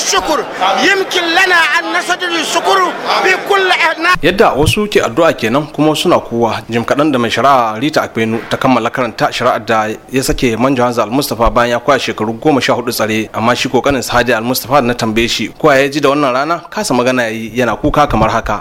الشكر يمكن لنا أن نسجد yadda wasu ke addu'a kenan kuma suna kowa jim kaɗan da mai shari'a rita akbenu ta kammala karanta shari'ar da ya sake manja al almustapha bayan ya kwaya shekaru goma sha hudu tsare amma shi kokarin sadi almustapha da na tambaye shi kowa ya ji da wannan rana kasa magana ya yi yana kuka kamar haka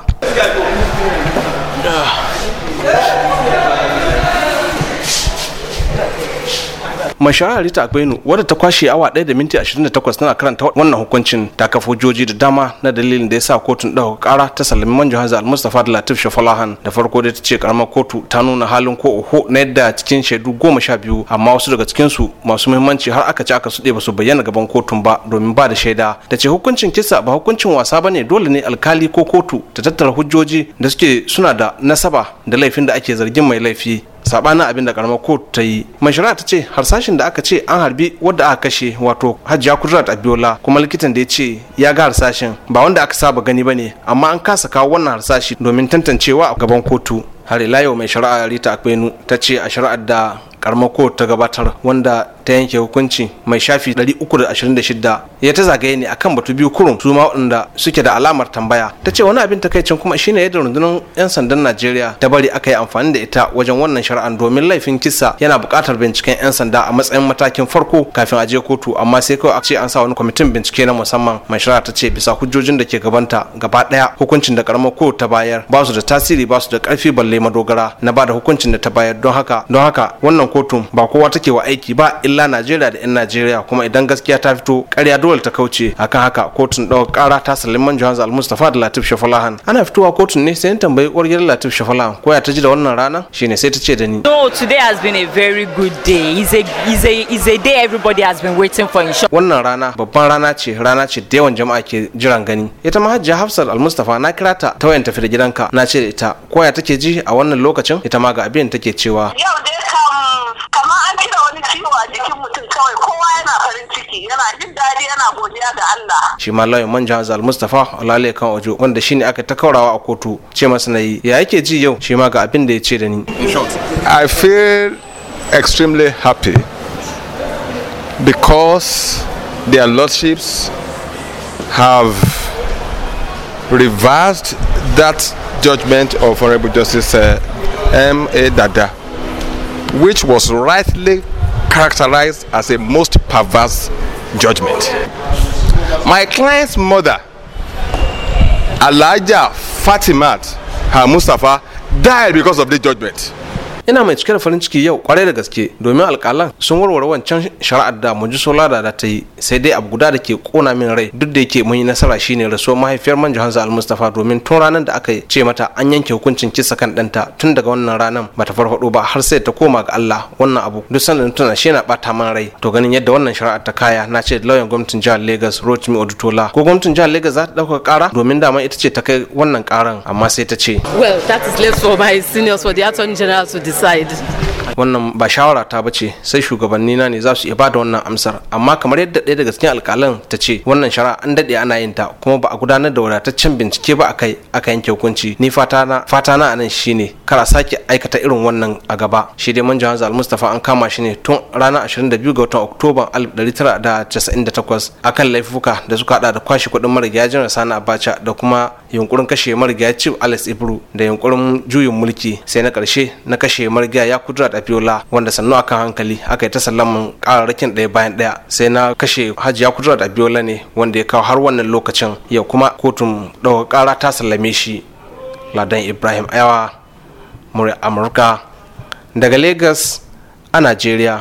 mai shawara rita agbainu wadda ta kwashe awa ɗaya da minti 28 tana karanta wannan hukuncin ta kafa hujjoji da dama na dalilin da ya sa kotun ɗaukar ƙara ta sallami manjo hazza almustafa da latif shafalahan da farko dai ta ce karamar kotu ta nuna halin ko oho na yadda cikin shaidu goma sha biyu amma wasu daga cikinsu masu muhimmanci har aka ci aka suɗe ba su bayyana gaban kotun ba domin ba da shaida da ce hukuncin kisa ba hukuncin wasa ba ne dole ne alkali ko kotu ta tattara hujjoji da suke suna da nasaba da laifin da ake zargin mai laifi sabanin abin da karamar kotu ta yi mai shari'a ta ce harsashin da aka ce an harbi wadda aka kashe wato hajiya kudrat abiola kuma likitan da ya ce ya ga harsashin ba wanda aka saba gani ba ne amma an kasa kawo wannan harsashi domin tantancewa a gaban kotu har ila yau mai shari'a rita akwenu ta ce a shari'ar da karmako ta gabatar wanda ta yanke hukunci mai shafi 326 ya ta zagaye ne akan batu biyu kurum su ma waɗanda suke da alamar tambaya ta ce wani abin takaicin kuma shine yadda rundunar 'yan sandan najeriya ta bari aka yi amfani da ita wajen wannan shari'an domin laifin kisa yana bukatar binciken 'yan sanda a matsayin matakin farko kafin a je kotu amma sai kawai a ce an sa wani kwamitin bincike na musamman mai shari'a ta ce bisa hujjojin da ke gabanta gaba ɗaya hukuncin da karamar ko ta bayar ba su da tasiri ba su da ƙarfi balle madogara na ba da hukuncin da ta bayar don haka don haka wannan kotun ba kowa take wa aiki ba illa najeriya da 'yan najeriya kuma idan gaskiya ta fito karya dole ta kauce akan haka kotun ɗau kara ta saliman johannes almustafa da latif shafalahan ana fitowa kotun ne sai tambayi uwar gidan latif shafalahan ko ya ta ji da wannan rana shine sai ta ce da ni no today has been a very good day is a, is a, is a day everybody has been waiting for insha wannan rana babban rana ce rana ce da yawan jama'a ke jiran gani ita ma hajjia hafsat almustafa na kira ta ta wayan tafi da gidanka na ce da ita ko ya take ji a wannan lokacin ita ma ga abin take cewa yau yana jin yana godiya ga Allah shi Mustafa kan Ojo wanda shine aka ta kaurawa a kotu ce masa nayi ya yake ji yau shi ma ga abin da ya ce da ni in short I feel extremely happy because their lordships have reversed that judgment of Honorable Justice uh, M. A. Dada, which was rightly characterized as a most perverse judgment. My client's mother, Alaja Fatimat Her Mustafa, died because of this judgment. ina mai cike da farin ciki yau kwarai da gaske domin alƙalan sun warware wancan shari'ar da muji solada da ta yi sai dai abu guda da ke kona min rai duk da yake mun yi nasara shine rasuwa mahaifiyar manja hanza almustafa domin tun ranar da aka ce mata an yanke hukuncin kisa kan ɗanta tun daga wannan ranar bata farfaɗo ba har sai ta koma ga Allah wannan abu duk sanin tuna shi na bata man rai to ganin yadda wannan shari'ar ta kaya na ce lauyan gwamnatin jihar Lagos Rotimi Odutola ko gwamnatin jihar Lagos za ta dauka kara domin dama ita ce ta kai wannan karan amma sai ta ce well that is left for my seniors for the attorney general to decide inside wannan ba shawara ta bace sai shugabanni na ne za su iya ba da wannan amsar amma kamar yadda ɗaya daga cikin alƙalan ta ce wannan shara an daɗe ana yin ta kuma ba a gudanar da wadataccen bincike ba akai aka yanke hukunci ni fata na fata na anan shine a sake aikata irin wannan a gaba shi dai manjan Hazal Mustafa an kama shi ne tun ranar 22 ga watan Oktoba 1998 akan laifuka da suka hada da kwashe kuɗin marigya jiran Sani Abacha da kuma yunkurin kashe marigaya chief alex ibru da yunkurin juyin mulki sai na karshe na kashe marigaya ya kudura da fiola wanda sannu akan hankali aka yi ta sallaman kararrakin ɗaya bayan ɗaya sai na kashe hajji ya kudura da fiola ne wanda ya kawo har wannan lokacin yau kuma kotun ɗaukar ƙara ta sallame shi ladan ibrahim ayawa murya amurka daga lagos a najeriya